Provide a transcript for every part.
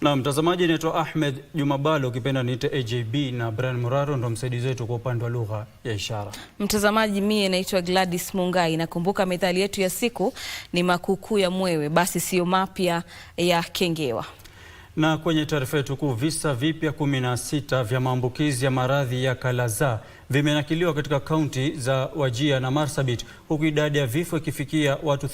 Na mtazamaji, naitwa Ahmed Jumabalo, ukipenda niite AJB, na Brian Muraro ndo msaidizi wetu kwa upande wa lugha ya ishara. Mtazamaji, mie naitwa Gladys Mungai. Nakumbuka methali yetu ya siku ni makukuu ya mwewe, basi siyo mapya ya kengewa. Na kwenye taarifa yetu kuu, visa vipya 16 na vya maambukizi ya maradhi ya kalaza vimenakiliwa katika kaunti za wajia na Marsabit huku idadi ya vifo ikifikia watu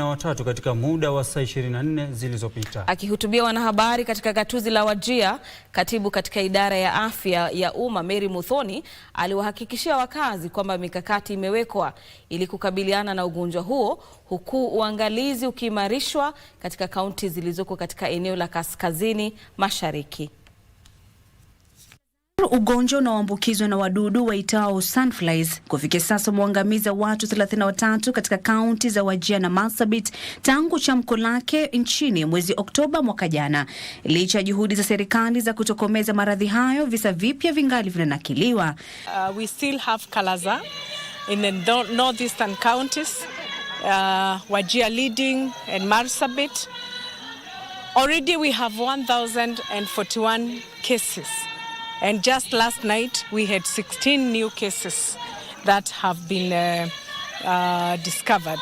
watatu katika muda wa saa 24 zilizopita. Akihutubia wanahabari katika gatuzi la wajia katibu katika idara ya afya ya umma Mary Muthoni aliwahakikishia wakazi kwamba mikakati imewekwa ili kukabiliana na ugonjwa huo huku uangalizi ukiimarishwa katika kaunti zilizoko katika eneo la kaskazini mashariki ugonjwa unaoambukizwa na wadudu waitao Sunflies, kufikia sasa umewaangamiza watu 33 katika kaunti za Wajia na Marsabit tangu chamko lake nchini mwezi Oktoba mwaka jana. Licha ya juhudi za serikali za kutokomeza maradhi hayo, visa vipya vingali vinanakiliwa. Uh, we still have Kalaza in the northeastern counties uh, Wajia leading and Marsabit already we have 1041 cases And just last night we had 16 new cases that have been uh, uh, discovered.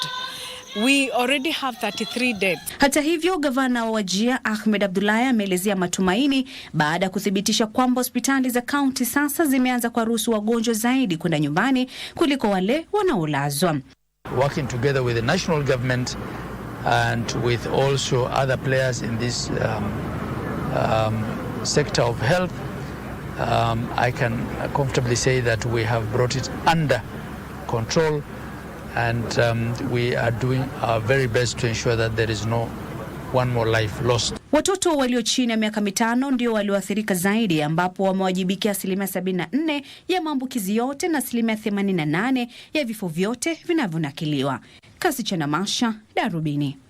We already have 33 dead. Hata hivyo, gavana wa Wajia Ahmed Abdullahi ameelezea matumaini baada ya kuthibitisha kwamba hospitali za kaunti sasa zimeanza kuwaruhusu wagonjwa zaidi kwenda nyumbani kuliko wale wanaolazwa. Working together with the national government and with also other players in this um, um, sector of health Um, I can comfortably say that we have brought it under control and um, we are doing our very best to ensure that there is no one more life lost. Watoto walio chini ya miaka mitano ndio walioathirika zaidi ambapo wamewajibikia asilimia 74 ya maambukizi yote na asilimia 88 ya vifo vyote vinavyonakiliwa. Kasi cha Namasha, Darubini.